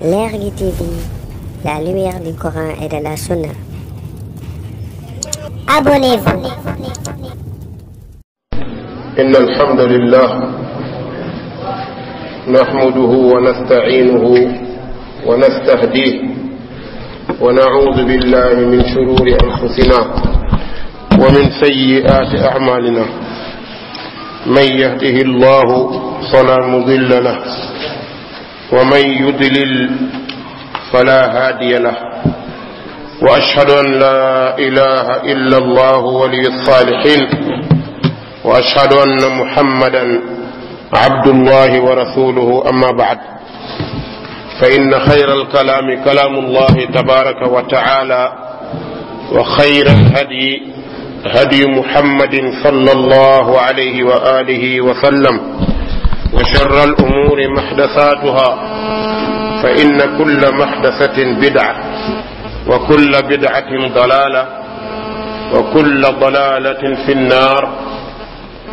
L'Ergue TV, la lumière du Coran et de la Sunna. Abonnez-vous. إن الحمد لله نحمده ونستعينه ونستهديه ونعوذ بالله من شرور أنفسنا ومن سيئات أعمالنا من يهده الله فلا مضل له ومن يضلل فلا هادي له واشهد ان لا اله الا الله ولي الصالحين واشهد ان محمدا عبد الله ورسوله اما بعد فان خير الكلام كلام الله تبارك وتعالى وخير الهدي هدي محمد صلى الله عليه واله وسلم وشر الأمور محدثاتها فإن كل محدثة بدعة وكل بدعة ضلالة وكل ضلالة في النار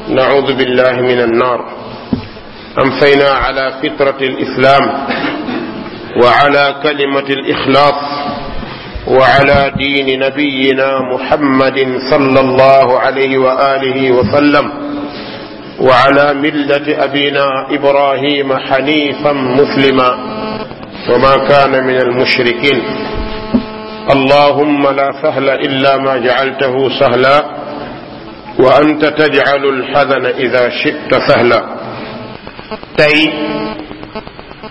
نعوذ بالله من النار أمسينا على فطرة الإسلام وعلى كلمة الإخلاص وعلى دين نبينا محمد صلى الله عليه وآله وسلم وعلى ملة أبينا إبراهيم حنيفا مسلما وما كان من المشركين اللهم لا سهل إلا ما جعلته سهلا وأنت تجعل الحزن إذا شئت سهلا تي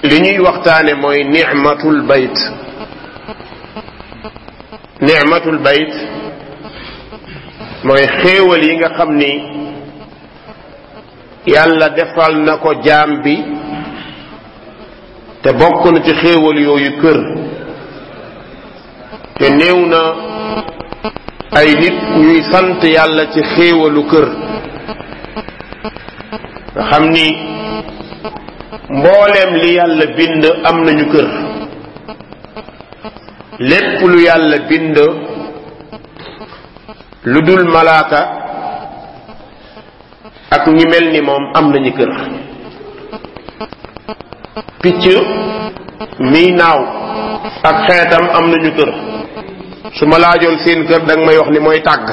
لني وقتان موي نعمة البيت نعمة البيت موي خيول ييغا خمني yàlla defal na ko jaam bi te bokk na ci xéewal yooyu kër te néew na ay nit ñuy sant yàlla ci xéewalu kër nga xam ni mboolem li yàlla bind am nañu kër lépp lu yàlla bind lu dul malaaka ak ñi mel ni moom am nañu kër picc miy naaw ak xeetam am nañu kër su ma laajoon seen kër da may wax ni mooy tàgg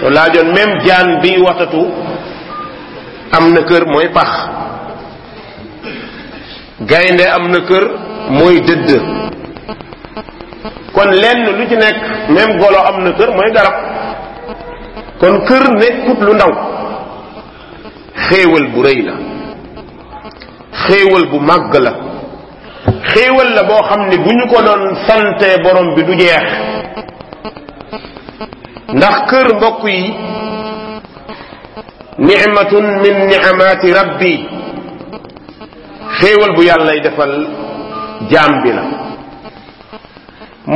soo laajoon même jaan biy watatu am na kër mooy pax gaynde am na kër mooy dëdd kon lenn lu ci nekk même golo am na kër mooy garab kon kër nekkut lu ndaw xéewal bu rëy la bu màgg la xéewal la boo xam ne bu ñu ko doon sante borom bi du jeex ndax kër mbokk yi nicmatun min nicmaati rabbi xéewal bu yàllay defal jaam bi la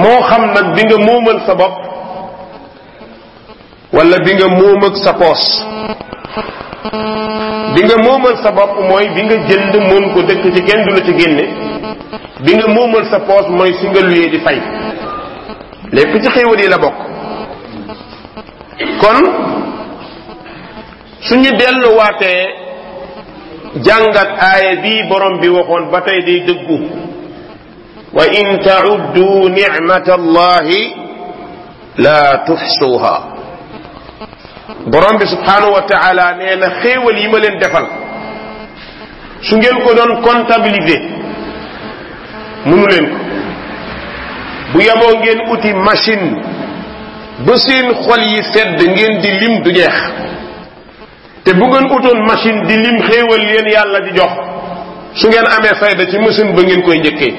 moo xam nag bi nga moomal sa bopp wala bi nga moom ak sa poos nga moomal sa bopp mooy bi nga jënd mën ci kenn du la ci génne bi nga moomal sa poos mooy si nga luyee di fay lépp ci xéewal yi la bokk kon suñu delluwaatee jàngat aaya bii borom bi waxoon ba tey day dëggu wa in tauddu nicmata allahi la tuxsuha borom bi subhanahu wa taala nee na xéewal yi ma leen defal su ngeen ko doon comptabiliser mënu leen ko bu yaboo ngeen uti machine ba seen xol yi sedd ngeen di lim du jeex te bu ngeen utoon machine di lim xéewal leen yàlla di jox su ngeen amee fayda ci machine ba ngeen koy njëkkee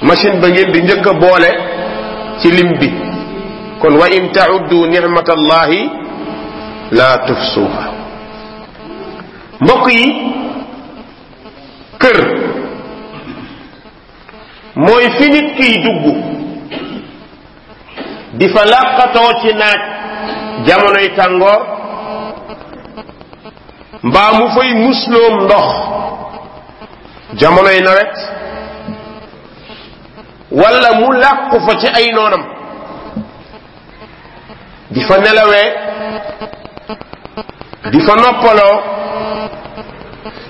machine ba di njëkk a boole ci lim bi kon wa in tauddu nicmatallahi laa tufsuha mbokk yi kër mooy fi nit kiy dugg di fa làqatoo ci naaj jamonoy tàngoor mbaa mu fay musloom ndox jamonoy nawet walla mu làqu fa ci ay noonam di fa nelawee di fa noppaloo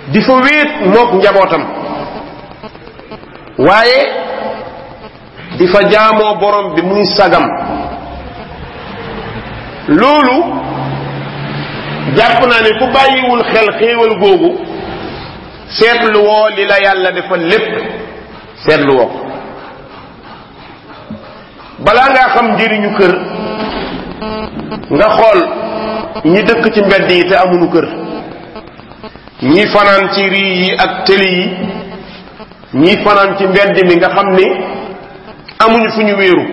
di fa wéet mook njabootam waaye di fa jaamoo borom bi muy sagam loolu jàpp naa ne ku bàyyiwul xel xéewal googu seetlu woo li la yàlla defal lépp seetlu woo balaa ngaa xam njëriñu kër nga xool ñi dëkk ci mbedd yi te amuñu kër ñii fanaan ci rii yi ak tëli yi ñi fanaan ci mbedd mi nga xam ni amuñu fu ñu wéeru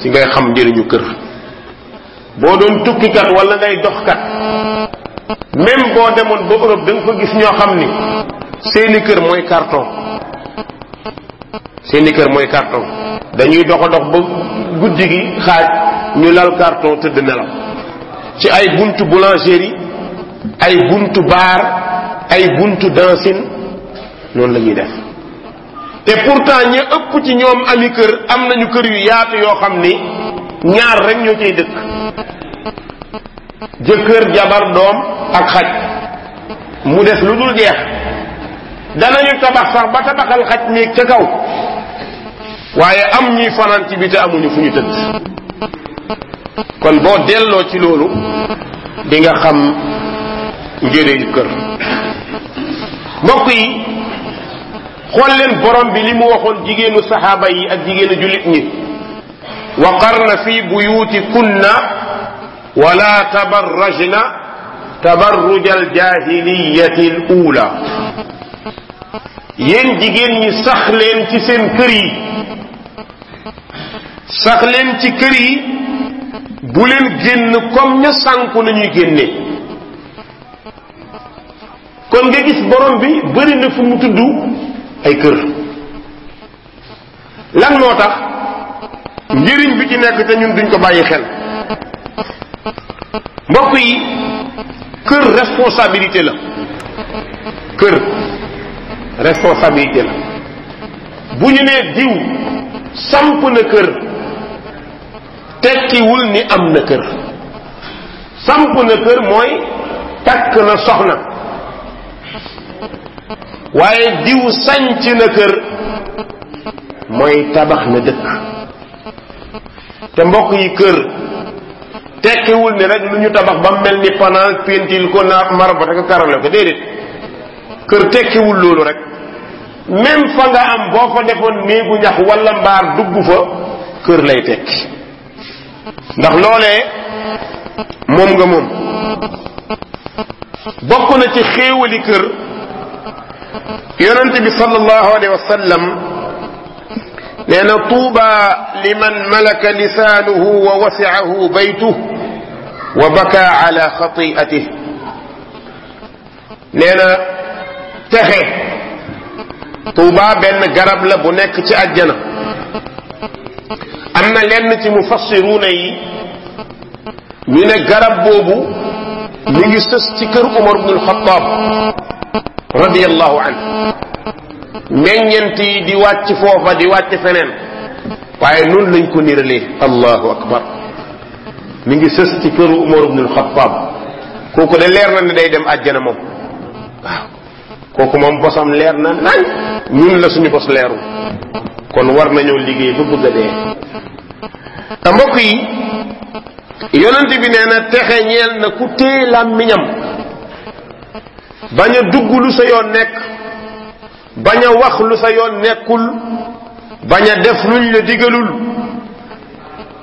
ci ngay xam njëriñu kër boo doon tukkikat walla ngay doxkat même boo demoon ba Europe da nga fa gis ñoo xam ni seeni kër mooy carton seeni kër mooy carton dañuy doxa dox ba guddi gi xaaj ñu lal carton tëdd nelaw ci ay buntu boulangerie ay buntu baar ay buntu dancing noonu la ñuy def te pourtant ña ëpp ci ñoom ami kër am nañu kër yu yaatu yoo xam ni ñaar rek ñoo cay dëkk jëkkër jabar doom ak xaj mu def lu dul jeex ñu tabax sax ba tabaxal xaj néeg ca kaw waaye am ñuy fanaan ci bi te amuñu fu ñu tëdd kon boo delloo ci loolu di nga xam kër mbokk yi xool leen borom bi li mu waxoon jigéenu saxaaba yi ak jigéenu jullit ñi wa qarna fi buyutikunna wala tabarrajna tabarruja aljahiliyati al ula yéen jigéen ñi sax leen ci seen kër yi sax leen yi bu leen génn comme ña sànku nañuy génne kon nga gis borom bi bëri na fu mu tudd ay kër lan moo tax njëriñ bi ci nekk te ñun duñ ko bàyyi xel mbokk yi kër responsabilité la kër responsabilité la bu ñu nee diw samp na kër tekkiwul ni am na kër samp na kër mooy takk na soxna waaye diw sanc na kër mooy tabax na dëkk te mbokk yi kër tekkiwul ni rek lu ñu tabax ba mel ni panaan pentil ko naaf marbata ko karole ko déedéet kër tekkiwul loolu rek même fa nga am boo fa defoon néegu ñax wala mbaar dugg fa kër lay tekki ndax loolee moom nga moom bokk na ci xéewali kër yonent bi sallallahu alayhi wa sallam nee na tuuba liman malaka lisanuhu wa wasiahu baytuh wa baka ala xatiatih nee na texe tuuba benn garab la bu nekk ci àjjana am na lenn mu mufassiruuna yi mi ne garab boobu mi ngi sës ci kër Umar ibn al-Khattab radiyallahu anhu meññent yi di wàcc foofa di wàcc feneen waaye noonu lañ ko niralee allahu akbar mi ngi sës ci këru Umar ibn al-Khattab kooku de leer na ne day dem àjjana moom waaw kooku moom bosam leer na nañ ñun la suñu bos leeru kon war nañoo liggéey ba bëgg te mbokk yi yonent bi nee na texe ñeel na ku téye làmmiñam bañ a dugg lu sa yoon nekk bañ a wax lu sa yoon nekkul bañ a def luñ la digalul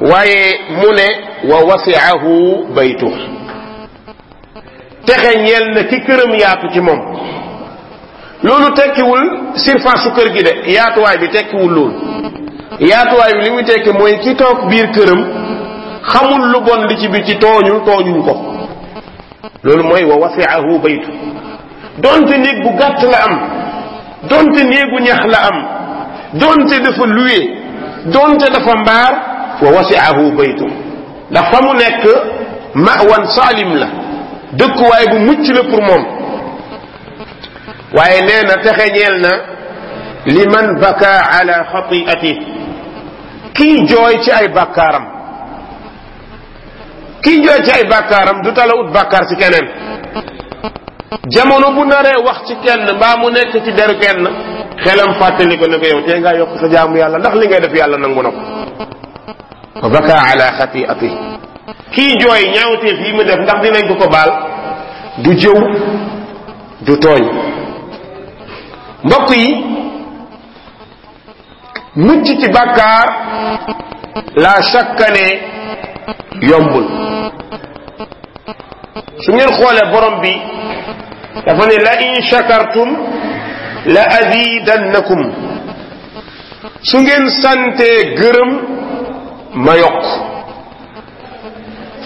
waaye mu ne wa wasiahu baytu texe ñeel na ki këram yaatu ci moom loolu tekkiwul surface su kër gi de yaatuwaay bi tekkiwul loolu yaatuwaayu li mu tekki mooy ki toog biir këram xamul lu bon li ci biir ci tooñul tooñuñ ko loolu mooy wa wasiahu baytu donte néeg bu gàtt la am donte néegu ñax la am donte dafa luwe donte dafa mbaar wa wasiahu baytu ndax fa mu nekk mawan saalim la dëkkuwaay bu mucc la pour moom waaye nee na texe ñeel na liman baka ala xatiati kii jooy ci ay bàkkaaram kii jooy ci ay bàkkaaram du tala ut bàkkaar ci keneen jamono bu naree wax ci kenn mbaa mu nekk ci deru kenn xelam fàttali ko ne yow tee ngaa yokk sa jaamu yàlla ndax li ngay def yàlla nangu na ko fa baka ala xatiati kii jooy ñaawteef yi mu def ndax dinañ ko ko baal du jëw du tooñ mbokk yi mucc ci bàkkaar la shakka ne yombul su ngeen xoolee borom bi dafa ne la in shakartum la azidannakum su ngeen santee gërëm ma yokk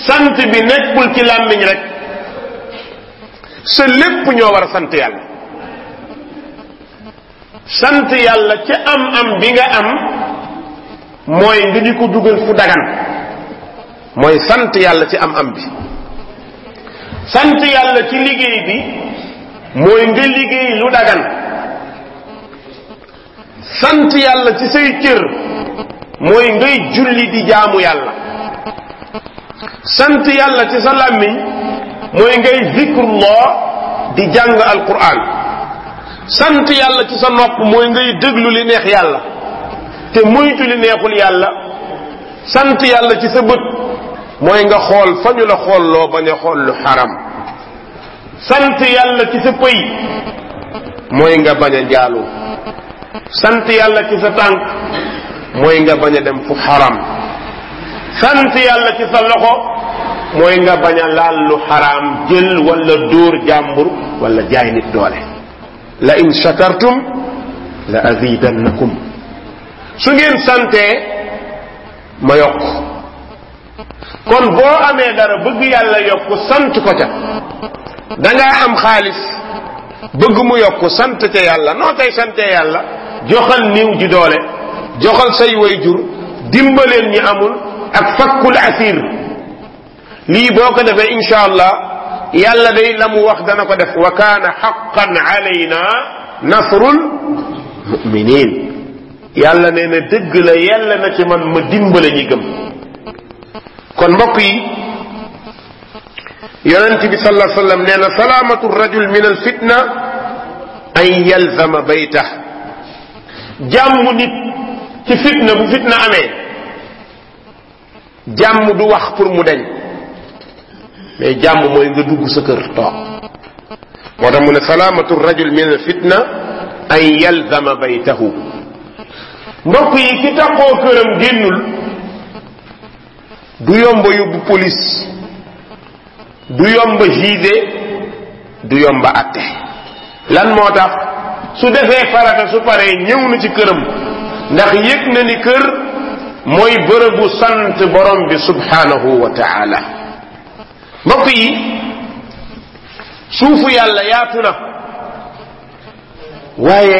sant bi nekkul ci làmmiñ rek sa lépp ñoo war a sant yàlla sant yàlla ci am am bi nga am mooy nga di ko dugal fu dagan mooy sant yàlla ci am am bi sant yàlla ci liggéey bi mooy nga liggéey lu dagan sant yàlla ci say cër mooy ngay julli di jaamu yàlla sant yàlla ci sa làmmiñ mooy ngay zikrullah di jàng alquran sant yàlla ci sa nopp mooy ngay déglu li neex yàlla te muytu li neexul yàlla sant yàlla ci sa bët mooy nga xool fa ñu la xoolloo bañ a xool lu xaram sant yàlla ci sa pëy mooy nga bañ a njaaloo sant yàlla ci sa tànk mooy nga bañ a dem fu xaram sant yàlla ci sa loxo mooy nga bañ a laal lu xaraam jël wala dóor jàmbur wala jaay nit doole لئن شكرتم لأزيدنكم su ngeen santee ma yokk kon boo amee dara bëgg yàlla yokk sant ko ca da ngaa am xaalis bëgg mu yokk sant ca yàlla noo tey santee yàlla joxal niw ji doole joxal say way jur dimbaleen ñi amul ak fakkul asir lii boo ko defee incha allah يلا دي لم وخدنا قدف وكان حقا علينا نصر المؤمنين يلا نين دغلا يلا نتي من مديمبل ني گم كون مبكي يونتي بي صلى الله عليه وسلم نين سلامه الرجل من الفتنه ان يلزم بيته جام نيت في فتنه بفتنة أمين جام دو واخ mais jàmm mooy nga dugg sa kër toog moo tax mu ne salaamatu rajul min al fitna an yalzama baytahu mbokk yi ki taxoo këram génnul du yomba yóbbu police du yomba juge du yomba atte lan moo tax su defee farata su paree ñëw na ci këram ndax yëg na ni kër mooy bërëbu sant borom bi subhanahu wa taala mbokk yi suufu yàlla yaatu na waaye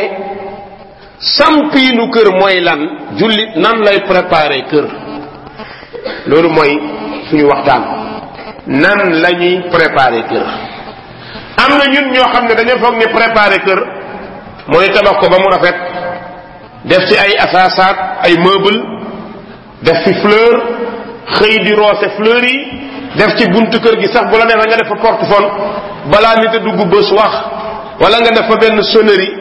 sampiinu kër mooy lan jullit nan lay préparer kër loolu mooy suñu waxtaan nan la ñuy préparer kër am na ñun ñoo xam ne dañoo foog ni préparer kër mooy tabax ko ba mu rafet def ci ay asaasaat ay meuble def ci fleur xëy di roose fleur def ci buntu kër gi sax bu la neexee nga def fa portefon bala nit a dugg bés wax wala nga def fa benn sonnerie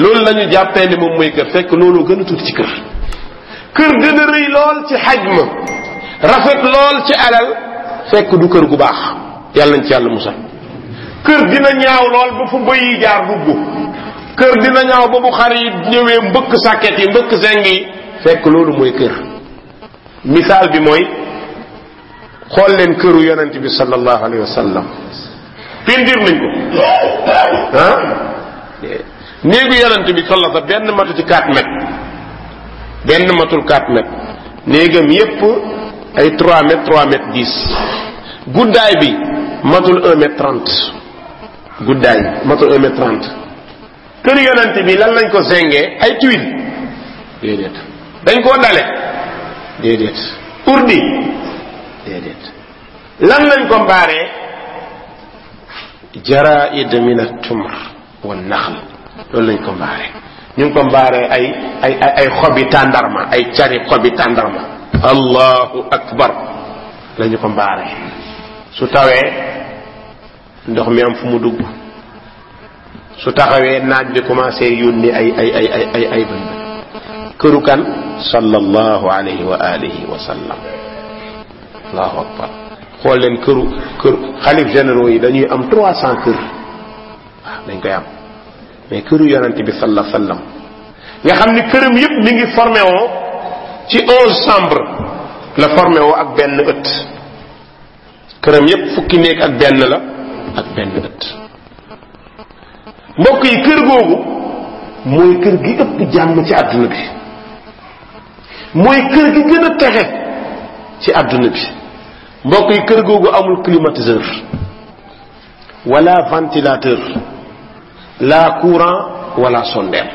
loolu lañu ñu jàppee ni moom mooy kër fekk loolu gën a tuuti ci kër kër gën a rëy lool ci xajma rafet lool ci alal fekk du kër gu baax yàlla ci yàlla musal kër dina ñaaw lool ba fu bëy jaar dugg kër dina ñaaw ba bu xar yi ñëwee mbëkk sàkket yi mbëkk zeng yi fekk loolu mooy kër misaal bi mooy xool leen këru yonent bi sallallahu alayhi wa sallam pindir nañ ko ah néegu yonent bi sallallahu benn matu ci 4 mètres benn matul 4 mètres néegam yépp ay 3 mètres 3 mètres 10 guddaay bi matul 1 mètre 30 guddaay matul 1 mètre 30 kër yonent bi lan lañ ko zengee ay tuile déedéet dañ koo dale déedéet urdi déedéet lan lañ ko mbaaree jaraid min at-tumr wa naxl loolu lañ ko mbaaree ñu ko mbaaree ay ay xobi tàndarma ay cari xobi tàndarma allahu akbar la ko mbaaree su tawee ndox mi am fu mu dugg su taxawee naaj bi commencé yónni ay ay ay ay këru kan sallallahu alayhi wa alihi allahu akbar xool leen këru kër xalif généraux yi dañuy am trois cent kër waaw ah, dañ koy am mais këru yonent bi salla nga xam ni këram yépp mi ngi formé woo ci onze chambre la formé woo ak benn ëtt këram yépp fukki néeg ak benn la ak benn ëtt mbokk yi kër googu mooy kër gi ëpp jàmm ci àdduna bi mooy kër gi gën a texe ci àdduna bi mbokk yi kër googu amul climatiseur wala ventilateur la courant wala sondeel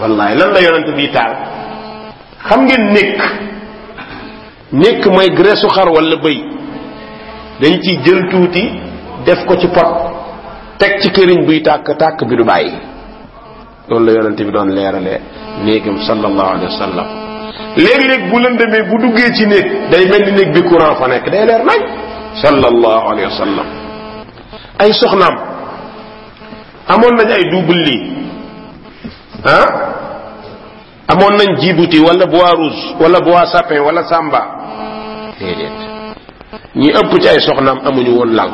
wallaay lan la yonent bi taal xam ngeen nekk nekk mooy graisse xar wala bëy dañ ci jël tuuti def ko ci pot teg ci këriñ buy tàkk tàkk bi du bàyyi loolu la yonent bi doon leerale néegam sallallahu alayhi wa sallam léegi léeg bu lëndëmee bu duggee ci néeg day mel ni néeg bi courant fa nekk day leer nañ sallallahu alayhi wa sallam ay soxnaam amoon nañ ay double lii ah amoon nañ Djibouti wala bois rouge wala bois sapin wala samba déedéet ñi ëpp ci ay soxnaam amuñu woon lal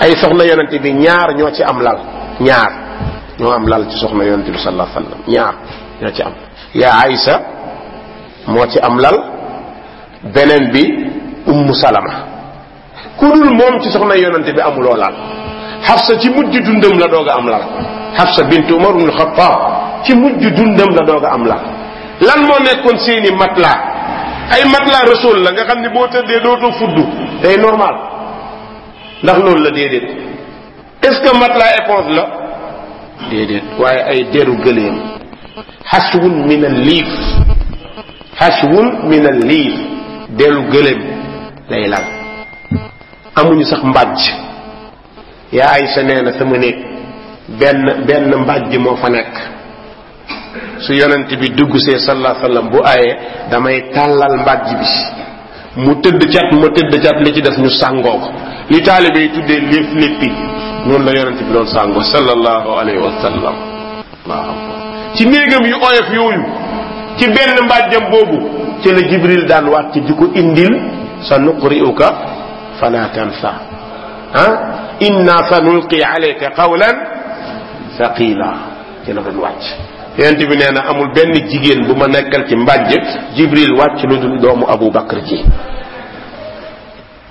ay soxna yonente bi ñaar ñoo ci am lal ñaar ñoo am lal ci soxna yonente bi sallallahu alayhi wa sallam ñaar ñoo ci am yaa Aysa moo ci am lal beneen bi ummu salama ku dul moom ci soxna yonante bi amuloo lal xafsa ci mujj dundam la doog a am lal xafsa bint umar ibn xattaab ci mujj dundam la doog a am lal lan moo nekkoon seeni matla ay matla rasul la nga xam ne boo tëddee dootoo fudd day normal ndax loolu la déedéet est ce que matla éponge la déedéet waaye ay deru gëleem xaswun min al liif xaswun min al liil dellu gëléem lay lal amuñu sax mbàjj yaa ay sa nee sama néeg benn benn mbàjj moo fa nekk su yonent bi dugg see sallallahu bu ayee damay tàllal mbàjj bi mu tëdd cat mu tëdd cat li ci def ñu sàngoo ko li taalibe tuddee lépp léppi noonu la yonent bi doon sàngoo sallallahu alayhi wasallam ci néegam yu oyof yooyu ci benn mbàjjam boobu ci la jibril daan wàcc di ko indil sa nuqri'uka fala tansa ah inna sa nulqi na amul benn jigéen bu ma nekkal ci mbàjj jibril wàcc lu dul doomu abu bakar ji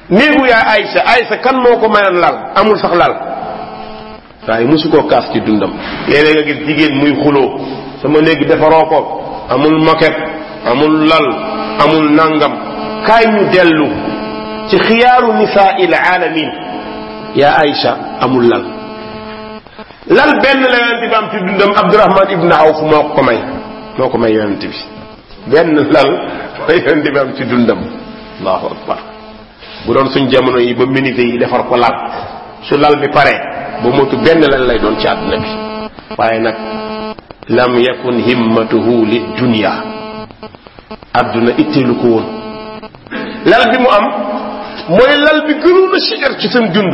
néegu yaa aysa aysa kan moo ko mënoon lal amul sax lal waaye mosu koo kaas ci dundam léeg-léeg nga gis jigéen muy xuloo sama néeg defaroo ko amul moquette amul lal amul nangam kaay ñu dellu ci xiyaaru nisaa il alamin yaa Aïcha amul lal lal benn la yonent bi am ci dundam Abdurahman ibn Awf moo ko may moo ko may yonent bi benn lal la yonent bi am ci dundam allahu akbar bu doon suñ jamono yi ba minute yi defar ko lal su lal bi pare ba motu benn lal lay doon ci àdduna bi waaye nag lam yakun himmatuhu li dunia àdduna itteelu ko woon lal bi mu am mooy lal bi gënoon a ci seen dund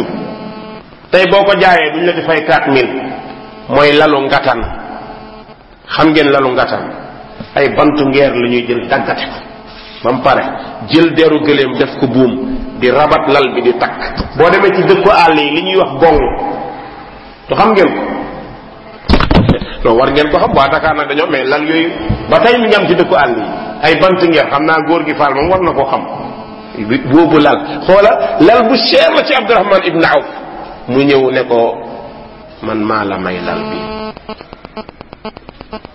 tey boo ko jaayee duñ la ci fay 4000 mooy lalu ngatan xam ngeen lalu ngataan ay bantu ngeer la ñuy jël daggate ko ba pare jël deru gëléem def ko buum di rabat lal bi di takk boo demee ci dëkku àll yi li ñuy wax gong tu xam ngeen ko loolu war ngeen ko xam waa Dakar nag dañoo mais lal yooyu ba tey mi ngi am ci dëkku àll yi ay bant ngeer xam naa góor gi faal moom war na koo xam boobu lal xoola lal bu cher la ci Abdurahman ibn Awf mu ñëw ne ko man maa la may lal bi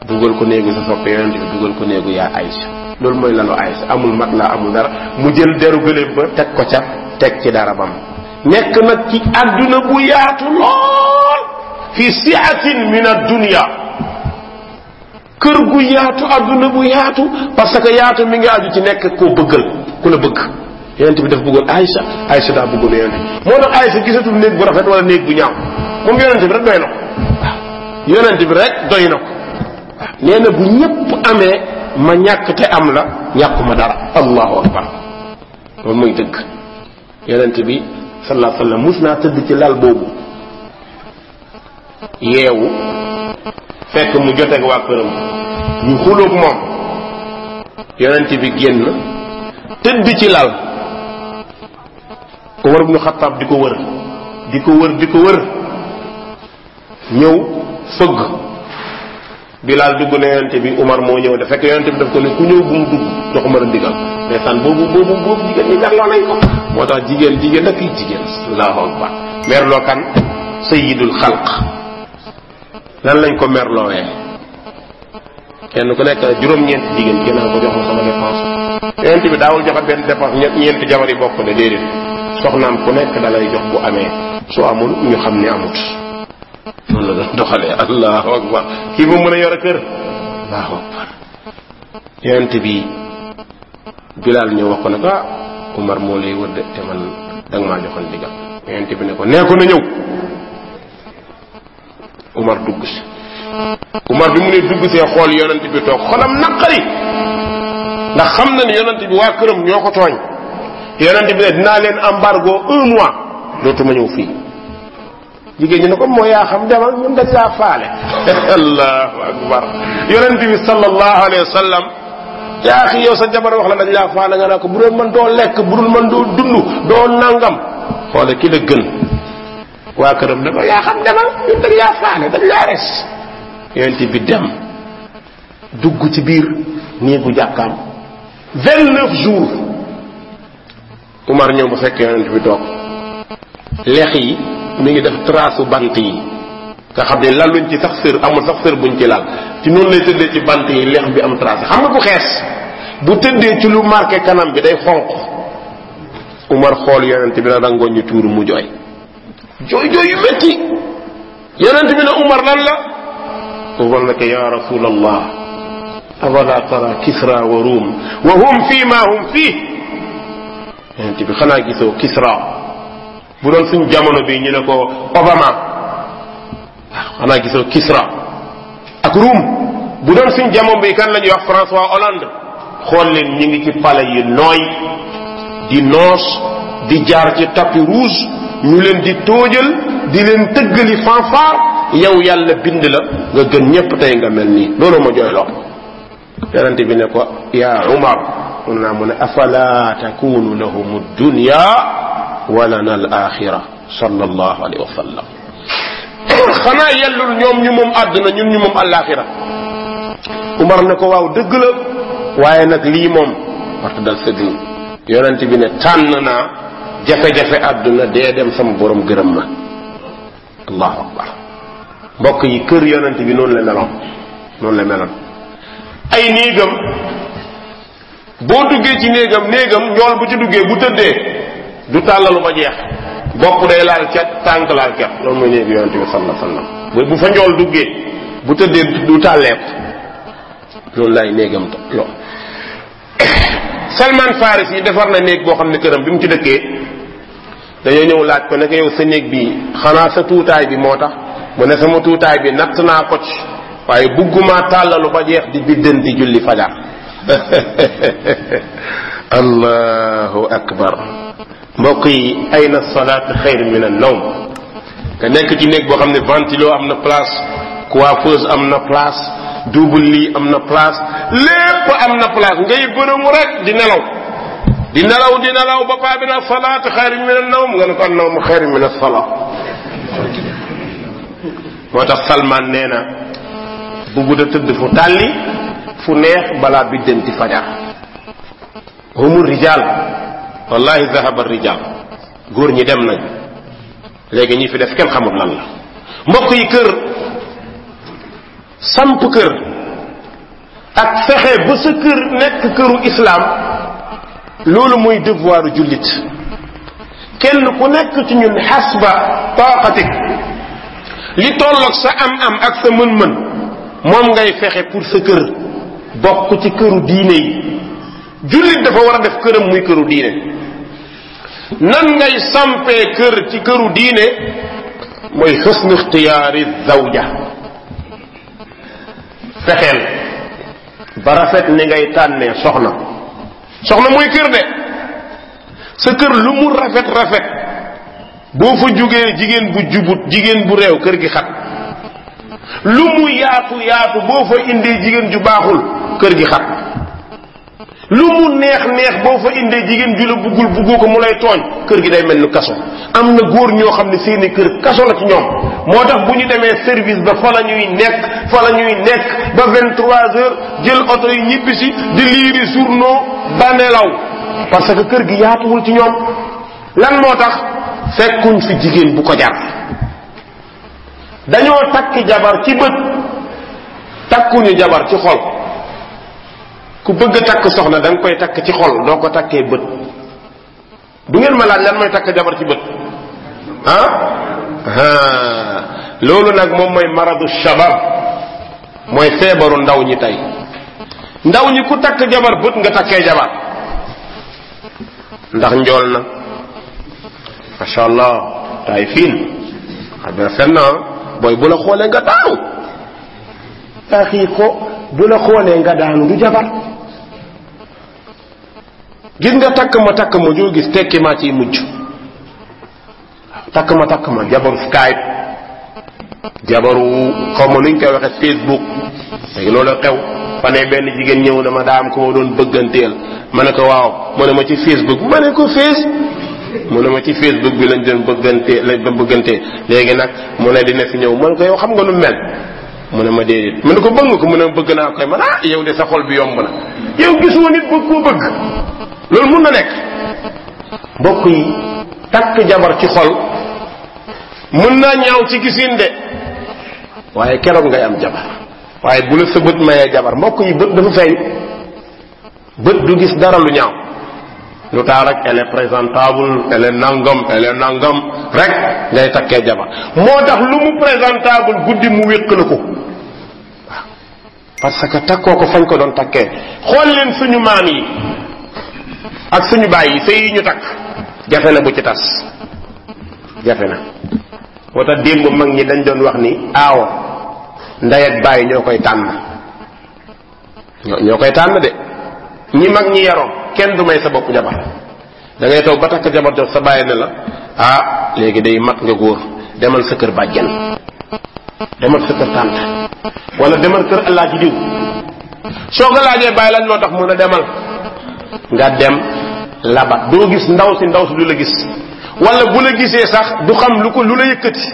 dugal ko néegu sa soppe yonent bi dugal ko néegu yaa Aïcha loolu mooy lalu Aïcha amul mat la amul dara mu jël deru gëléem ba teg ko ca teg ci dara bam nekk nag ci àdduna bu yaatu lool fi siatin min ad-dunya kër gu yaatu adduna bu yaatu parce que yaatu mi ngi aju ci nekk koo bëggal ku la bëgg yonent bi daf bëggoon Aïcha Aïcha daa bëggoon yonent bi moo tax Aïcha gisatul néeg bu rafet wala néeg bu ñaaw moom yonent bi rek doy na ko waaw yonent bi rek doy na ko waaw nee na bu ñëpp amee ma ñàkk te am la ñàkkuma dara allahu akbar loolu mooy dëgg yonent bi sallallahu alayhi wa sallam mus naa tëdd ci lal boobu yeewu fekk mu joteeg waa këram ñu xuloog moom yonent bi génn tëdd ci lal Umar ibnu Xattaab di ko wër di ko wër di ko wër ñëw fëgg Bilaal dugg na yonent bi Umar moo ñëw de fekk yonent bi daf ko ne ku ñëw bu mu dugg jox Umar ndigal mais san boobu boobu boobu jigéen ñi merloo nañ moo tax jigéen jigéen ak jigéen allahu akbar xalq lan lañ ko merloowee kenn ku nekk juróom-ñeenti jigéen kii naa ko jox ma sama dépense yonent bi daawul joxe benn dépense ñeenti jabar yi bokk ne déedéet soxnaam ku nekk da lay jox bu amee su amul ñu xam ne amut noonu la doon doxalee allahu akbar kii mu mën a yor a kër allahu akbar yonent bi bilaal ñëw wax ko nag ah Umar moo lay wër de te man danga maa joxoon digal yonent bi ne ko nee ko na ñëw Umar dugg si Umar bi mu ne dugg see xool yonent bi toog xolam naqari ndax xam na ne yonent bi waa këram ñoo ko tooñ yonent bi ne dinaa leen embargo un mois dootuma ñëw fii jigéen ñi ne ko moo yaa xam demal ñun dañ faale allahu akbar yonent bi sallallahu alayhi wa sallam yaa xi sa jabar wax la dañ laa faale nga naa ko bu doon man doo lekk bu dul man doo dund doo nangam xoole ki la gën waa këram ne ko yaa xam demal ñun dañ laa faale dañ laa res yonent bi dem dugg ci biir néegu jàkkaam vingt neuf jours Umar ñëw bu fekk yonent bi toog lex yi mu ngi def trasu bant yi nga xam ne laluñ ci sax sër amul sax sër buñ ci lal ci noonu lay tëddee ci bant yi lex bi am tracé xam nga bu xees bu tëddee ci lu marqué kanam bi day xonq Umar xool yonent bi la rangoñ ñu tuuru mu jooy jooy jooy yu métti yonent bi ne Umar lan la mu wan la ko yaa rasulallah afala tara kisra wa ruum wa hum fii ma hum fii yonent bi xanaa gisoo kisra bu doon suñ jamono bi ñu ne ko Obama waaw xanaa gisoo kisra ak ruum bu doon suñ jamono bi kan la ñuy wax François Hollande xool leen ñu ngi ci palais yi nooy di noos di jaar ci ñu leen di tóojal di leen tëggali fanfar yow yàlla bind la nga gën ñëpp tey nga mel nii loolu ma joy loo yonente bi ne ko yaa umar mun naa mu ne afala takunu lahum dunya walana al axira sallallahu alayhi wa sallam xanaa yellul ñoom ñu moom àdduna ñun ñu moom àllaaxira umar ne ko waaw dëgg la waaye nag lii moom warta dal sëgg diin yonente bi ne tànn naa jafe-jafe àdduna dee dem sama borom gërëm ma allahu akbar mbokk yi kër yonent bi noonu la meloon noonu la meloon ay néegam boo duggee ci néegam néegam ñool bu ci duggee bu tëddee du tàllalu ba jeex bopp day laal cat tànk laal cat loolu mooy néegu yonent bu fa ñool duggee bu tëddee du tàlleeku loolu lay néegam lool Salman Faris yi defar na néeg boo xam ne këram bi mu ci dëkkee dañoo ñëw laaj ko ne ko yow sa néeg bi xanaa sa tuutaay bi moo tax mu ne sama tuutaay bi natt naa ko ci waaye bugguma tàllalu ba jeex di biddanti julli fajar allahu akbar mbokk yi ayna salaat xayr min an nawm nga nekk ci néeg boo xam ne ventilo am na place coiffeuse am na place double lii am na place lépp am na place ngay gërëmu rek di nelaw دينا لو دينا لو بابا بنا الصلاة خير من النوم قال لك النوم خير من الصلاة موتا سلمان نينا بوغودا تد تالي فو بلا بيدن تي هم الرجال والله ذهب الرجال غور ني دم نك لغي ني في ديف كين خامو لان لا مبوك يي كير سامبو كير اك فخه بو loolu mooy devoiru jullit kenn ku nekk ci ñun xasba taqatik li tollook sa am-am ak sa mën-mën moom ngay fexe pour sa kër bokk ci këru diine yi jullit dafa war a def këram muy këru diine nan ngay sampee kër ci këru diine mooy xës xusnu ixtiyaari zawja fexeel ba rafet ni ngay tànnee soxna soxna mooy kër de sa kër lu mu rafet rafet boo fa jógee jigéen bu jubut jigéen bu réew kër gi xat lu mu yaatu yaatu boo fa indee jigéen ju baaxul kër gi xat lu mu neex neex boo fa indee jigéen ju la buggul buggu ko mu lay tooñ kër gi day mel ni kaso am na góor ñoo xam ne seeni kër kaso la ci ñoom moo tax bu ñu demee service ba fa la ñuy nekk fa la nekk ba vingt trois heures jël oto yi ñibbisi di liiri journaux ba nelaw parce que kër gi yaatuwul ci ñoom lan moo tax fekkuñ fi jigéen bu ko jar dañoo takk jabar ci bët takkuñu jabar ci xol ku bëgg a takk soxna da koy takk ci xol doo ko takkee bët du ngeen ma laaj lan mooy takk jabar ci bët ah? loolu nag moom mooy maradu shabab mooy feebaru ndaw ñi tey ndaw ñi ku takk jabar bët nga takkee jabar ndax njool na macha allah taay fiin xam nga rafet booy bu xoolee nga daanu. bu la xoolee nga daanu du jabar. gis nga takk ma takk ma joo gis tekki maa ciy mujj takk ma takk ma jabaru Skype jabaru xaw ma nuñ koy waxe Facebook léegi loolu xew fa ne benn jigéen ñëw dama daa am ko ma doon bëgganteel ma ne ko waaw mu ne ma ci Facebook ma ne ko face mu ma ci Facebook bi lañ doon bëggante lañ doon bëggante léegi nag mu ne dina fi ñëw ma ne ko yow xam nga nu mel mu ne ma déedéet mu ne ko bëgg ko mu ne bëgg naa koy man ah yow de sa xol bi yomb na yow gisuma nit bëgg koo bëgg loolu mun na nekk mbokk yi jabar ci xol mun naa ñaaw ci gisin de waaye keroog ngay am jabar waaye bu la sa bët mayee jabar mbokk yi bët dafa feeñ bët du gis dara lu ñaaw lu taa rek elle est présentable elle est nangam elle est nangam rek ngay takkee jabar moo tax lu mu présentable guddi mu wéq parce que takkoo ko fañ ko doon takkee xool leen suñu maam yi ak suñu baay yi sëy yi ñu takk jafe na bu ci tas jafe na moo tax démb mag ñi dañ doon wax ni aawo ndey ak baay ñoo koy tànn ñoo ñoo koy tànn de ñi mag ñi yaroo kenn du may sa bopp jabar da ngay toog ba takk jabar jox sa bàyyi ne la ah léegi day mat nga góor demal sa kër bàjjen demal sa kër tànt wala demal kër allah diw soo ko laajee bàyyi lan moo tax mun a demal nga dem labat doo gis ndaw si ndaw si du la gis wala bu la gisee sax du xam lu ko lu la yëkkati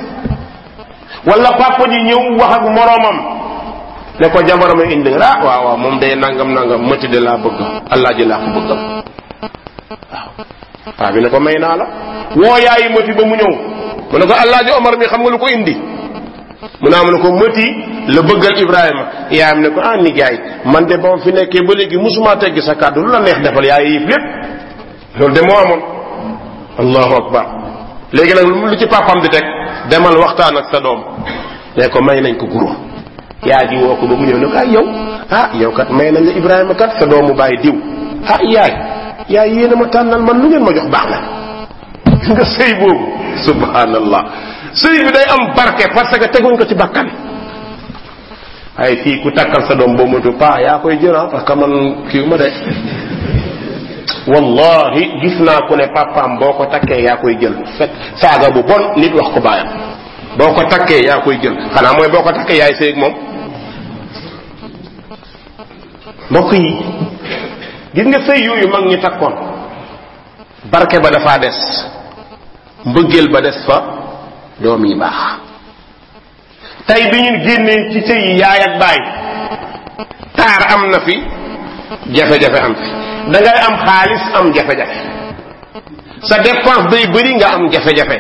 wala papa ji ñëw wax ak moroomam ne ko jabaram a indi ah waaw waaw moom day nangam nangam mëti de laa bëgg allah laa ko bëggal waaw paa bi ne ko may naa la woo yaayi mëti ba mu ñëw mu ne ko allah Omar mi xam nga lu ko indi mu naa am ne ko mëti la bëggal Ibrahima yaayam na ko ah nijaay man de ba ma fi nekkee ba léegi musuma teggi sa kàddu lu la neex defal yaay yëf lépp loolu de moo amoon allahu akbar léegi nag lu ci papam di teg demal waxtaan ak sa doom ne ko may nañ ko guro yaa ji ko ba mu ñëw ne ko ah yow ah yow kat may nañ la Ibrahima kat sa doomu bàyyi diw ah yaay yaay yéen a ma tànnal man lu ngeen ma jox baax na nga sëy boobu subhanallah sëriñ bi day am barke parce que teguñ ko ci bakkan ay fii ku takkal sa doom boo moytu pa yaa koy jëra parce que man kii ma de wallahi gis naa ku ne papaam boo ko takkee yaa koy jël fekk saaga bu bon nit wax ko baayam boo ko takkee yaa koy jël xanaa mooy boo ko takkee yaay sëyeg moom mbokk yi gis nga sëy yooyu mag ñi takkoon barke ba dafa des mbëggeel ba des fa doom yi baax tey bi ñu génnee ci sëy yaay ak baay taar am na fi jafe-jafe am fi da ngay am xaalis am jafe-jafe sa dépense day bëri nga am jafe-jafe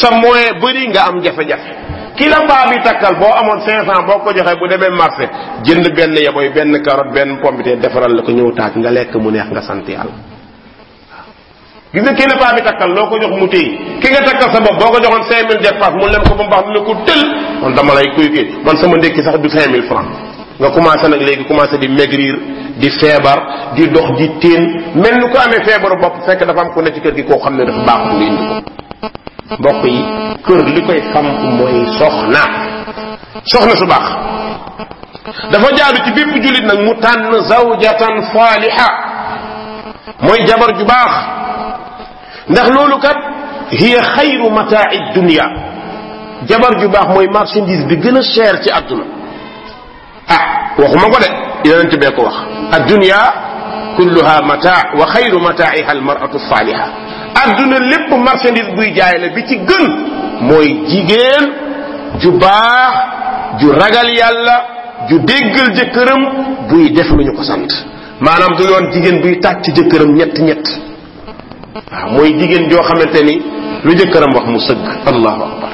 sa moyen bëri nga am jafe-jafe ki la baa bi takkal boo amoon 500 boo ko joxee bu demee marché jënd benn yaboy benn carotte benn pompité defaral la ko ñëw taaj nga lekk mu neex nga sant yàlla. gis nga kii la bi takkal loo ko jox mu téy ki nga takkal sa bopp boo ko joxoon cinq mille dépense mu lem ko ba mu ne ko tël man dama lay kuy kii man sama ndékki sax du cinq mille franc nga commencé nag léegi commencé di maigrir di feebar di dox di teen mel ni ko amee feebaru bopp fekk dafa am ko ne ci kër gi koo xam ne dafa baax mu indi ko mbokk yi kër li koy samp mooy soxna soxna su baax dafa jaadu ci bépp julit nag mu tànn zawjatan saliha mooy jabar ju baax ndax loolu kat hiya xayru mataa'i dunya jabar ju baax mooy marchandise bi gën a cher ci àdduna ah waxuma ko de yonent bee ko wax addunya kulluha mataa wa xayru mataa'iha almar'atu saaliha àdduna lépp marchandise buy jaay la bi ci gën mooy jigéen ju baax ju ragal yàlla ju déggal jëkkëram buy def lu ñu ko sant maanaam du yoon jigéen buy tàcc jëkkëram ñett ñett moy mooy jo xamanteni lu jëkkëram wax mu seug allahu akbar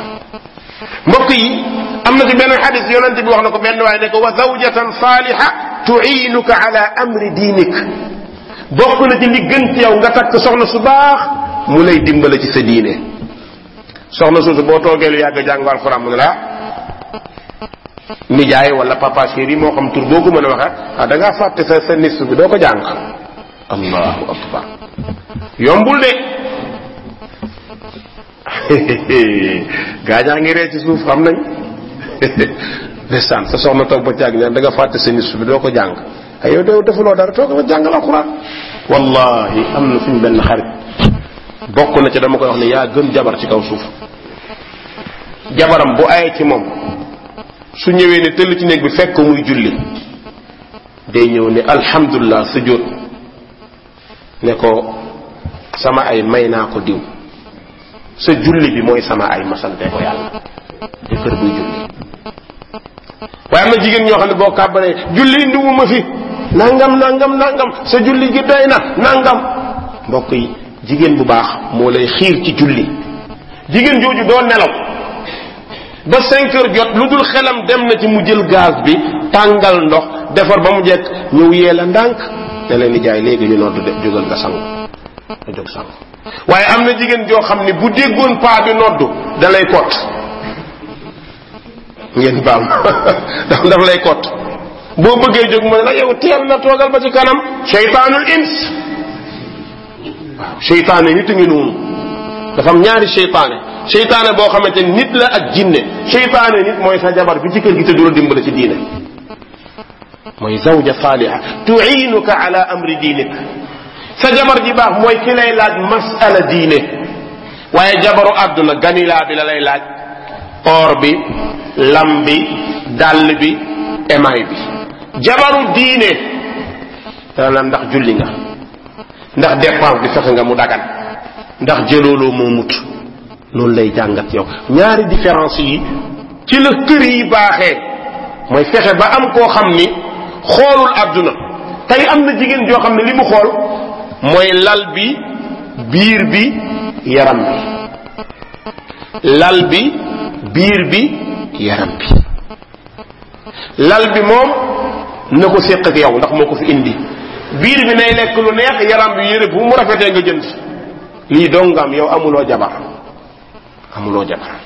mbokk yi amna ci benn hadith yonent bi wax na ko benn waaye ne ko wa zawjatan saaliha tuinuka ala amri dinik bokk na ci li gën ci yow nga tak soxna su bax mu lay dimbale ci sa diine soxna su bo toogee lu yàgg jàngu alquran mu ni la wala papa chéri mo xam tour boo ko waxa da nga faté sa sa nis bi doo ko jàng allahu akbar yombul de gaañaa ngi ree ci suuf xam nañ ndeysaan sa soxna toog ba jàng ñaan da bi doo ko jàng ay yow defuloo dara toog ba jàngal alquran wallahi am na suñu benn xarit bokk na ci dama koy wax ne yaa gën jabar ci kaw suuf jabaram bu ayee ci moom su ñëwee ni tëll ci néeg bi fekk muy julli day ñëw ne alhamdulilah sujjóot ne ko sama ay may naa ko diw sa julli bi mooy sama ay ma ko yàlla jëkkër buy julli waaye am na jigéen ñoo xam ne boo kàbbaree julli indiwuma fi nangam nangam nangam sa julli gi doy na nangam mbokk yi jigéen bu baax moo lay xiir ci julli jigéen jooju doo nelaw ba cinq heures jot lu dul xelam dem na ci mu jël gaz bi tàngal ndox defar ba mu jekk ñëw yee la ndànk da leen di jaay léegi ñu noddu de jógal nga sang nga jóg sang waaye am na jigéen joo xam ne bu déggoon paa bi noddu da lay kott ngeen baam daf daf lay kott boo bëggee jóg mu ne la yow teel na toogal ba ci kanam cheytaanul ins waaw cheytaane nit ngi noonu dafa am ñaari cheytaane cheytaane boo xamante nit la ak jinne cheytaane nit mooy sa jabar bi ci kër gi te du la dimbale ci diine mooy zawja saaliha tuinuka ala amri diinik sa mooy ki lay laaj masala diine waaye jabaru àdduna ganilaa bi la lay laaj or bi lam bi dàll bi émaay bi diine ndax julli nga ndax dépense bi fexe nga mu dagan ndax jëlooloo moo mut loolu lay jàngat yow ñaari différence yi ci la kër yi baaxee mooy fexe ba am koo xam ni xoolul àdduna tey am na jigéen joo xam ne li mu xool mooy lal bi biir bi yaram bi lal bi lal bi moom na ko séq ak yow ndax moo ko fi indi biir bi nay lekk lu neex yaram bi yére bu mu rafetee nga jënd lii dongam yow amuloo jabar amuloo jabar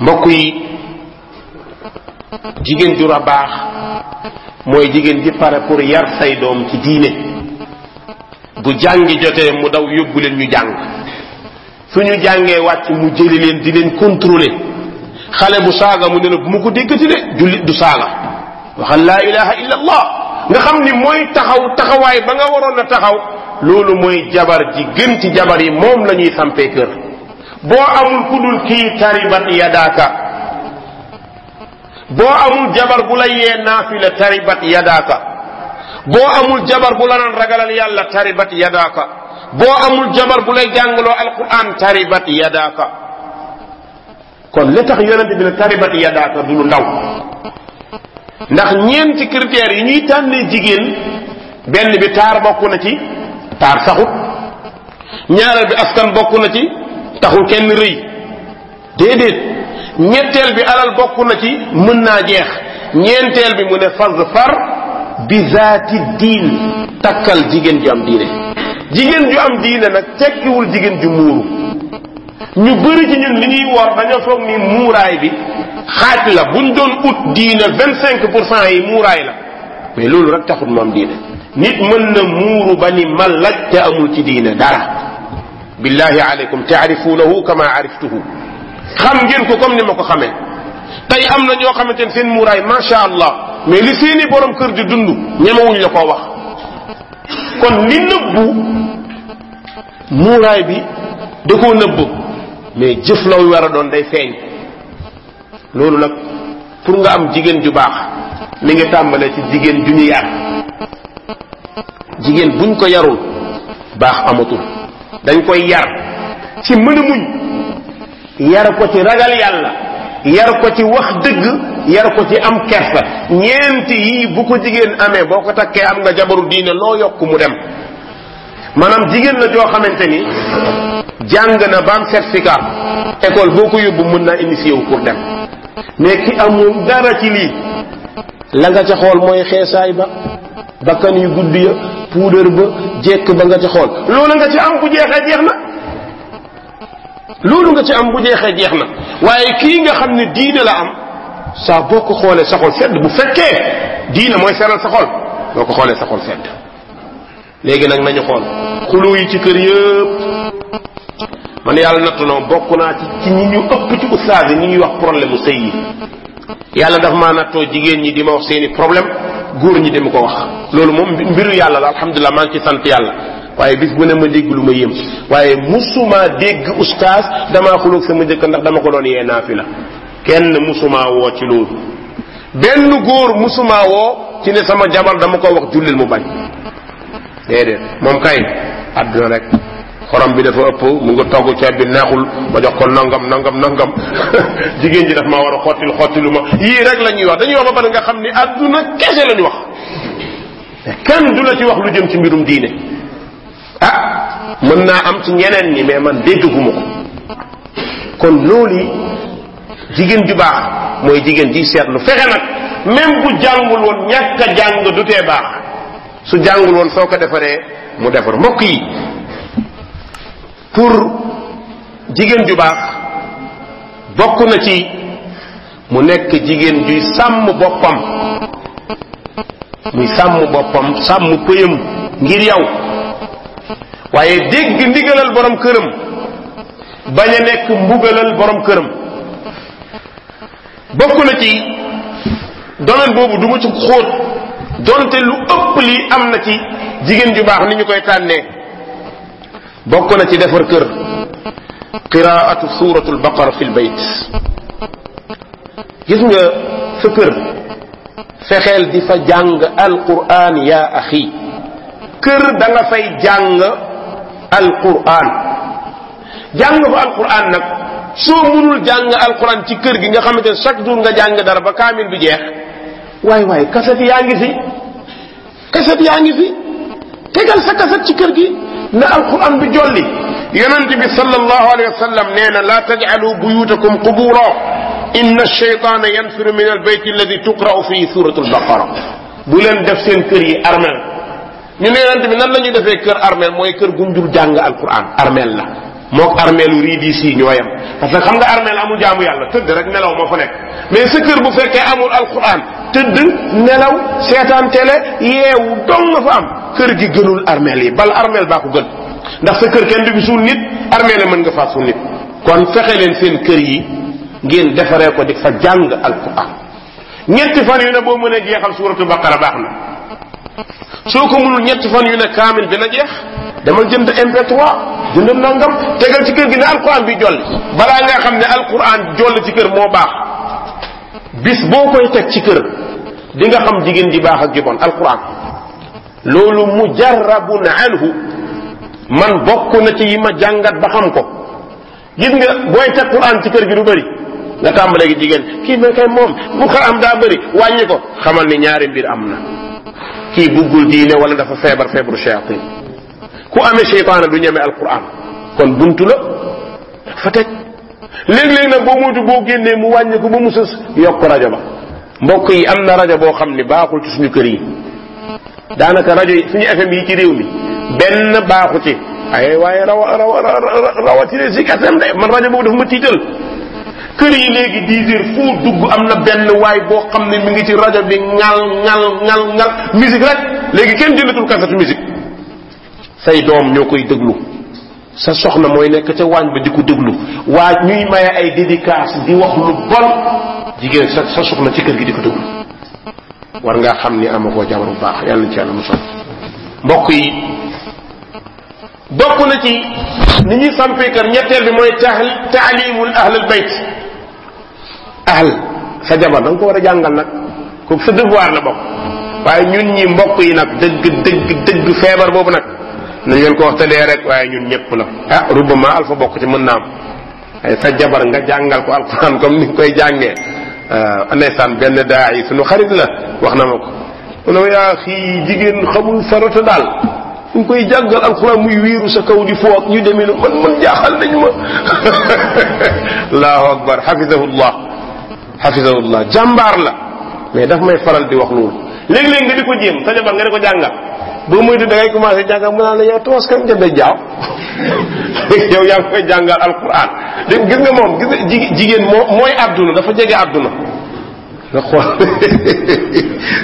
mbokk yi jigéen ju a baax mooy jigéen ji pare pour yar say doom ci diine bu jàngi jotee mu daw yóbbu leen ñu jàng su ñu jàngee wàcc mu jëli leen di leen contrôler xale bu saaga mu ne la bu ma ko déggati de jullit du saaga waxal laa ilaha illa nga xam ni mooy taxaw taxawaay ba nga waroon a taxaw loolu mooy jabar ji gën ci jabar yi moom la ñuy sampee kër boo amul ku dul kii taribat yadaaka boo amul jabar bu la yee naafila taribat yadaaka boo amul jabar bu la naan ragalal yàlla taribat yadaaka boo amul jabar bu lay jàngaloo alquran taribat yadaaka kon li tax yonente bi ne taribat yadaaka du lu ndaw ndax ñeenti critères yi ñuy tànnee jigéen benn bi taar bokk na ci taar saxut ñaareel bi askan bokk na ci taxul kenn rëy déedéet ñettel bi alal bokku na ci mën naa jeex ñeenteel bi mu ne farz far bi zaati diin takkal jigéen ju am diine jigéen ju am diine nag tekkiwul jigéen ju muuru ñu bëri ci ñun li ñuy wor dañoo foog ni muuraay bi xaaj la buñ doon ut diine vingt cinq pour cent yi muuraay la mais loolu rek taxut mu am diine nit mën na muuru ba ni mallaj te amul ci diine dara billahi alaykum taarifunahu kama ariftuhu xam ngeen ko comme ni ma ko xamee tey am na ñoo xamante ne seen muuraay macha allah mais li seeni borom kër di dund ñemewuñ la koo wax kon li nëbbu muuraay bi da koo nëbbu mais jëf la war a doon day feeñ loolu nag pour nga am jigéen ju baax mi ngi tàmbalee ci jigéen ju ñu yar jigéen buñ ko yarul baax amatul dañ koy yar ci mën yar ko ci ragal yàlla yar ko ci wax dëgg yar ko ci am kersa ñeenti yii bu ko jigéen amee boo ko takkee am nga jabaru diine loo yokk mu dem maanaam jigéen la joo xamante ni jàng na ba am certificat école boo ko yóbbu mën naa initié wu pour dem mais ki amul dara ci lii la nga ca xool mooy xeesaay ba bakkan yu gudd ya puudar ba jekk ba nga ca xool loolu nga ci am bu jeexee jeex na loolu nga ci am bu jeexee jeex na waaye kii nga xam ne diine la am saa boo ko xoolee sa xol sedd bu fekkee diine mooy seral sa xol boo ko xoolee sa xol sedd léegi nag nañu xool xuloo yi ci kër yëpp man yàlla nattu na bokk naa ci ñi ñu ëpp ci ustaas yi ñu ñuy wax problème mu sëy yi yàlla daf maa nattoo jigéen ñi di ma wax seeni problème góor ñi di ma ko wax loolu moom mbiru yàlla la alhamdulilah maa ngi ci sant yàlla waaye bis bu ne ma dégg lu ma yëm waaye musuma dégg ustaas damaa xuloog sama jëkkër ndax dama ko doon yee naa fi la kenn musuma woo ci loolu benn góor musuma woo ci ne sama jabar dama ko wax jullil mu bañ déedéet moom kay àdduna rek xorom bi dafa ëpp mu nga togg ceeb bi naaxul ma jox ko nangam nangam nangam jigéen ji daf ma war a xottil xottilu ma yii rek la ñuy wax dañuy wax ba pare nga xam ni àdduna kese la ñu wax kenn du la ci wax lu jëm ci mbirum diine a ah, mën naa am ci ñeneen ñi mais man dégguma ko kon loolu jigéen ju baax mooy jigéen ji seetlu fexe nag même bu jàngul woon ñàkk jàng du te baax su jàngul woon soo ko defaree mu defar mbokk yi pour jigéen ju baax bokk na ci mu nekk jigéen juy sàmm boppam muy sàmm boppam sàmm pëyam ngir yow waaye dégg ndigalal boroom këram bañ a nekk mbugalal boroom këram bokk na ci domaine boobu du ma ci xóot donte lu ëpp lii am na ci jigéen ju baax ni ñu koy tànnee bokk na ci defar kër qiraatu suratu lbaqara fi lbayt gis nga sa kër fexeel di fa jàng alquran yaa axi kër da nga fay jàng alquran jàng fa alquran nag soo mënul jàng alquran ci kër gi nga xamante chaque jour nga jàng dara ba kamil bi jeex way way kaset yaangi fi kaset yaangi fi tegal sa kaset ci kër gi na alquran bi jolli yonent bi sallallahu alayhi wasallam neena la taj'alu buyutakum qubura inna ash-shaytana yanfiru min al albayt alladhi tuqra'u fihi suratul baqara bu len def sen kër yi armel ñu ne yonent bi nan lañu defé kër armel moy kër gum jur jàng alquran armel la mok armel mook armeelu ridisi ñooyam parce que xam nga armel amu jaamu yàlla teud rek nelaw moo fa nek mais sa kër bu fekke amul alquran teud nelaw setan télé yeewu dong fa am kër gi gënul armel yi bal armel ba ko gën ndax sa kër kenn du fi nit armel man nga fa su nit kon fexe leen seen kër yi ngeen defare ko di fa jàng alquran ñetti fan yu ne bo mënee jexal suuratu baqara baxna soo ko mënul ñetti fan yu ne kaamil bi na jeex demal jënd MP3 jënd nangam tegal ci kër gi ne alquran bi jolli balaa nga xam ne alquran jolli ci kër moo baax bis boo koy teg ci kër dinga xam jigéen ji baax ak ji bon alquran loolu mujarrabun anhu man bokk na ci yi ma jàngat ba xam ko gis nga booy teg quran ci kër gi du bëri nga tàmbalee gi jigéen kii ma kay moom bu xaram daa bëri wàññi ko xamal ni ñaari mbir am na kii buggul diine wala dafa feebar feebaru shayatin ku amee sheytaana du ñeme alquran kon buntu la fa teg léeg-léeg nag boo moytu boo génnee mu wàññi ko ba mu sës yokk rajo ba mbokk yi am na rajo boo xam ni baaxul ci suñu kër yi daanaka rajo yi suñu FM yi ci réew mi benn baaxu ci ay waaye rawa rawa rawatina Zik FM de man rajo boobu dafa ma tiital kër yi léegi dix heures dugg am na benn waay boo xam ne mi ngi ci rajo bi ngal ngal ngal ngal musique rek léegi kenn jëndatul kasetu musique say doom ñoo koy déglu sa soxna mooy nekk ca waañ ba di ko déglu waa ñuy maye ay dédicace di wax lu bon jigéen sa soxna ci kër gi di ko déglu war ngaa xam ni ama koo jabar bu baax yàlla na ci yàlla mu sol mbokk yi bokk na ci ni ñuy sampee kër ñetteel bi mooy taal taalimul ahlal bayt ahl sa jabar da nga ko war a jàngal ko kooku sa devoir na bokk waaye ñun ñi mbokk yi nag dëgg dëgg dëgg feebar boobu nag nañ leen ko wax tëddee rek waaye ñun ñëpp la ah rubama alfa bokk ci mën naa am ay sa jabar nga jàngal ko alquran comme ni nga koy jàngee ah, ndeysaan benn daa yi suñu xarit la wax na ma ko mu ne ma yaa xii jigéen xamul farata daal ñu koy jàngal alxuraan muy wiiru sa kaw di foo ñu demee ne man man jaaxal nañ ma allahu akbar xafizahu llah xafisahullah jàmbaar la mais daf may faral di wax loolu léeg-léeg nga di ko jéem sa jabar nga di ko jànga boo muy di da ngay commencé jàngal mu naan la yow toos gis nga moom gis nga jigéen moo mooy àdduna dafa jege àdduna nga xool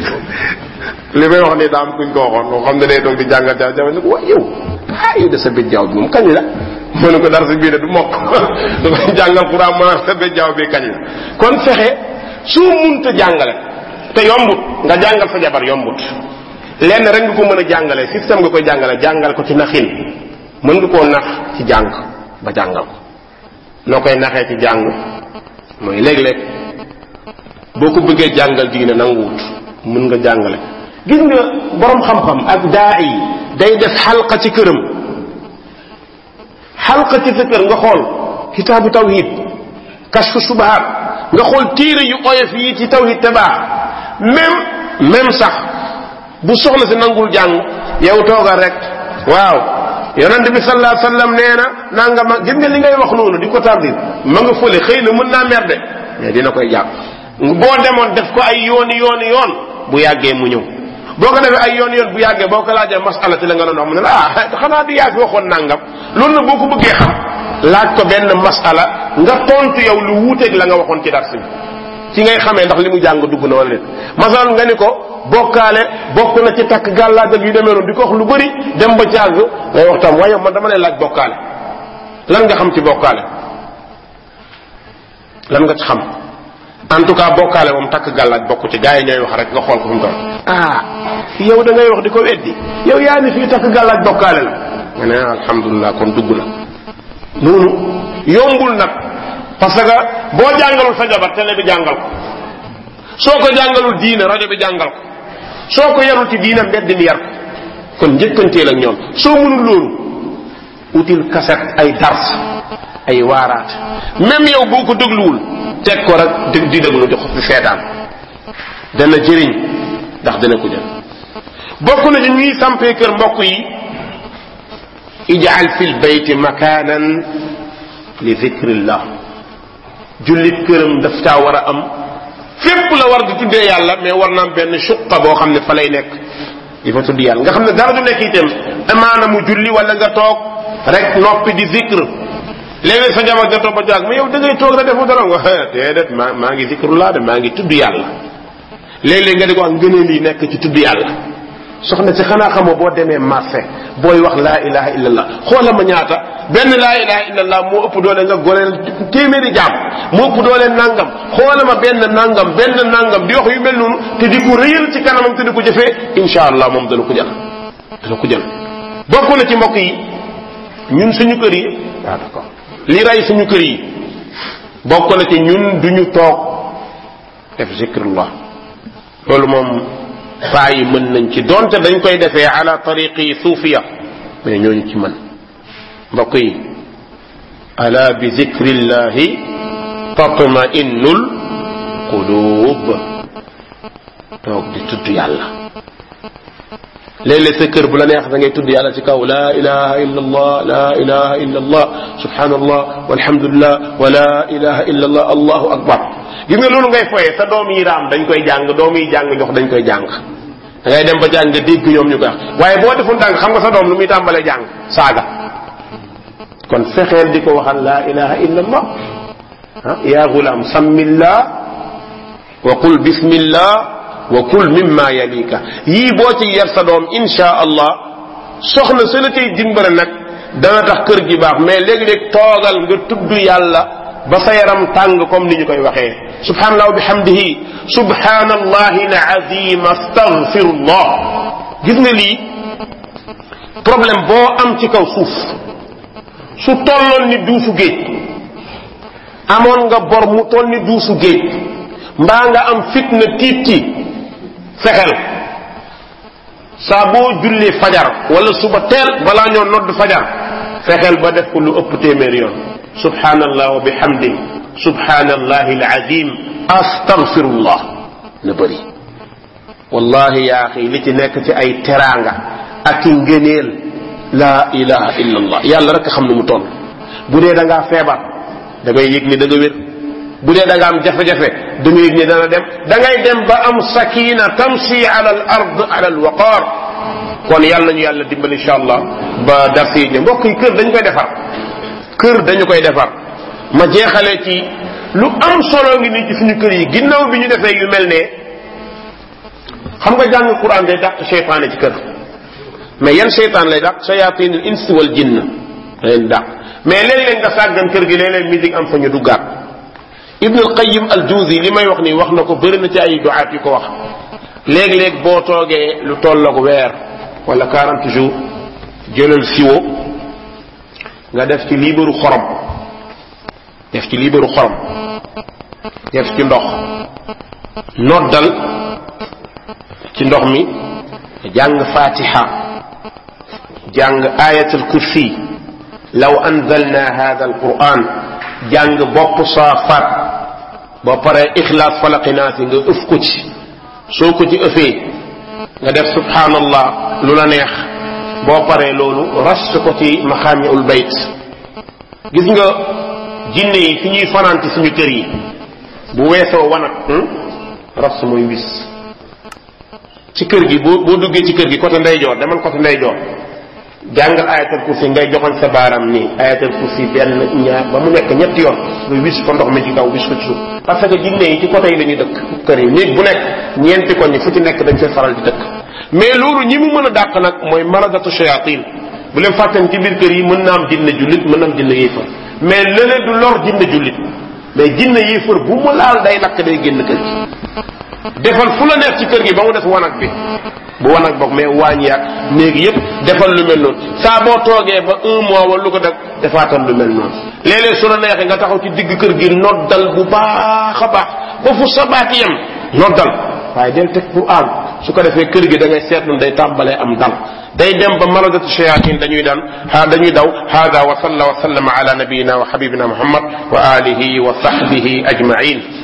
li may wax nii daa kuñ ko waxoon boo xam ne day toog di jàngal jaaw jaaw ne ko waaye yow ah de sa bëj jaaw moom kañ la mu ko darsi bii de du mokk damay jàngal xuraan ma set ba bi kañ la kon fexe soo munta jàngale te yombut nga jàngal sa jabar yombut lenn rek nga ko mën a jàngale système nga koy jàngale jàngal ko ci naxin mën nga koo nax ci jàng ba jàngal ko noo koy naxee ci jàng mooy léeg-léeg boo ko bëggee jàngal jigéen nanguwut mën nga jàngale gis nga borom xam-xam ak daa yi day def xalqa ci këram xalqa ci sa kër nga xool kitaabu tawhid kashfu shubahat nga xool téere yu oyof yi ci tawhid te baax même même sax bu soxna si nangul jàng yow toogal rek waaw yonent bi sallallahu alayhi wasallam nee na nanga ma gis nga li ngay wax noonu di ko tardir ma nga fële xëy na mën naa mer de mais dina koy jàpp boo demoon def ko ay yoon yoon yoon bu yàggee mu ñëw boo ko defee ay yoon yoon bu yàggee boo ko laajee masala ci la nga doon wax mu ne la ah xanaa di yàgg waxoon nangam loolu nag boo ko bëggee ko benn masala nga tontu yow lu wuuteeg la nga waxoon ci dars bi ci ngay xamee ndax li mu jàng dugg na wala déet masal nga ni ko bokkaale bokk na ci takk gàllaajal yu demee noonu di ko wax lu bari dem ba càgg ngay waxtaan waaye man dama lay laaj bokkaale lan nga xam ci bokkaale lan nga ci xam en tout cas bokkaale moom takk gàllaaj bokku ci gaa yi ñooy wax rek nga xool ko fu doon. ah yow dangay wax di ko weddi yow yaa ni fii takk gàllaaj bokkaale la. nga ne alhamdulilah kon dugg na. noonu yombul nag parce que boo jàngalul sa jabar télé bi jàngal ko soo ko jàngalul diina rajo bi jàngal ko soo ko yarul ci diina mbedd mi yar ko kon njëkkanteel ak ñoom soo mënul loolu. util kaset ay dars ay warat même yow boko deglul tek ko rek dëg di déglu di xofi seetaan dana jëriñ ndax dana ko jël bokku na ci ñuy sampee kër mbokk yi ij'al fil bayt makanan li zikrillah julit këram daf caa war a am fépp la war di tuddee yàlla mais war na am benn suqa boo xam ne fa lay nekk di fa tudd yàlla nga xam ne dara du nekk itam amaana mu julli wala nga toog rek noppi di zikr léeg-léeg sa njaboot nga topp a ma yow da ngay toog rek defu dara nga eh, déedéet maa maa ngi zikru laa de maa ngi tudd yàlla léeg-léeg nga di ko wax ngëneel yi nekk ci tudd yàlla soxna si xanaa xamoo boo demee marché booy wax laa ilaha illallah xoola ma ñaata benn laa ilaha illallah moo ëpp doole nga goleel téeméeri jaam moo ëpp doole nangam xoola ma benn nangam benn nangam di wax yu mel noonu te di ko ci kanamam te di ko jëfee incha allah moom dana ko jël ko jël ci mbokk yi ñun suñu kër yi waaw d'accord li ray suñu kër yi bokk na ci ñun duñu toog def zikrullah loolu moom paa yi mën nañ ci donte dañ koy defee ala tariqi suufiya mais ñooñu ci mën mbokk yi ala bi zikrillahi tatma innul qulub toog di tudd yàlla léeg-léeg sa kër bu la neex da ngay tudd yàlla ci kaw la ilaha illa allah la ilaha illa allah subhanallah walhamdulillah wa la ilaha illa allah allahu akbar gis nga loolu ngay foye sa doom yi raam dañ koy jàng doom yi jàng jox dañ koy jàng da ngay dem ba jàng nga dégg ñoom ñu koy wax waaye boo defoon tànk xam nga sa doom lu muy tàmbalee jàng saaga kon fexeel di ko waxal la ilaha illa allah ah ya gulam sammillah wa qul bismillah wa kul mimma yalika yii boo ci yar sa doom insha allah soxna sa la cay dana tax kër gi baax mais léegi-léeg toogal nga tudd yàlla ba sa yaram tàng comme ni ñu koy waxee subhanallah wa bihamdihi subhanallahi na azima astaghfirullah gis nga lii problème boo am ci kaw suuf su tolloon ni duusu géej amoon nga bor mu toll ni duusu géej mbaa nga am fitna tiit ci fexel saa boo jullee fajar wala suba teel balaa ñoo nodd fajar fexel ba def ko lu ëpp téeméer yoon subhanallah wa bihamdi subhanallah alazim astaghfirullah na bëri wallahi yaa xi li ci nekk ci ay teraanga ak ngëneel la ilaha illallah yàlla rek xam nu mu toll bu dee da ngaa feebar da ngay yëg ni da nga wér bu dee da nga am jafe-jafe da dem da dem ba am sakina tamsi ala al ard ala al waqar kon yàlla nañu yàlla dimbal incha allah ba dars yi jëm mbokk yi kër dañu koy defar kër dañu koy defar ma jeexalee ci lu am solo ngi nii ci suñu kër yi ginnaaw bi ñu defee yu mel ne xam nga jàng quran day dàq seytaane ci kër mais yan seytaan lay dàq sayatinul insi wal jinn da leen dàq mais léeg-léeg kër gi léeg-léeg musique am fa ñu duggaat ابن القيم الجوزي لما may وخنا كو برنا تي اي دعاه كي ci ليك ليك بو توغي لو تولوك وير ولا 40 jours جيلل سيو nga def ci liibaru xorom def ci liibaru xorom def ci ndox noddal ci ndox mi jàng fatiha jàng ayatul kursi law anzalna hadha alquran jàng bopp saafat boo pare ixlaas falaqi naasi nga ëf ko ci soo ko ci ëfee nga def subhanallah lu la neex boo paree loolu ras ko ci maxaamiul bayt gis nga jinne yi fi ñuy fanaan ci suñu kër yi bu weesoo wanag hmm? ras mooy wis ci kër gi boo boo duggee ci kër gi côté ndeyjoor demal côté ndeyjoor jàngal ayatal kursi ngay joxoñ sa baaraam nii ayatal kursi benn ñaar ba mu nekk ñetti yoon wis ko ndox mi ci kaw wis ko ci suuf parce que jinne yi ci côté yi dañuy dëkk kër yi néeg bu nekk ñeenti ko ñi fu ci nekk dañ fay faral di dëkk mais loolu ñi mu mën a dàq nag mooy maradatu shayatin bu leen fàttan ci biir kër yi mën naa am jinne jullit mën na am jinne yéefar mais leneen du lor jinne jullit mais jinne yéefar bu mu laal day lakk day génn kër gi defal fu la neex ci kër gi ba mu def wanag bi bu wanag bokk mais waañ yaag néeg yëpp defal lu mel noonu saa boo toogee ba un mois lu ko def defaatal lu mel noonu léeg-léeg su la neexee nga taxaw ci digg kër gi noddal bu baax a bu ba fu sabaat yem noddal waaye del teg pour su ko defee kër gi da ngay seetlu day tàmbalee am dal day dem ba maradatu shayatin dañuy daan a dañuy daw hada wa salla wa sallama ala nabiyina wa habibina muhammad wa alihi wa sahbihi ajmain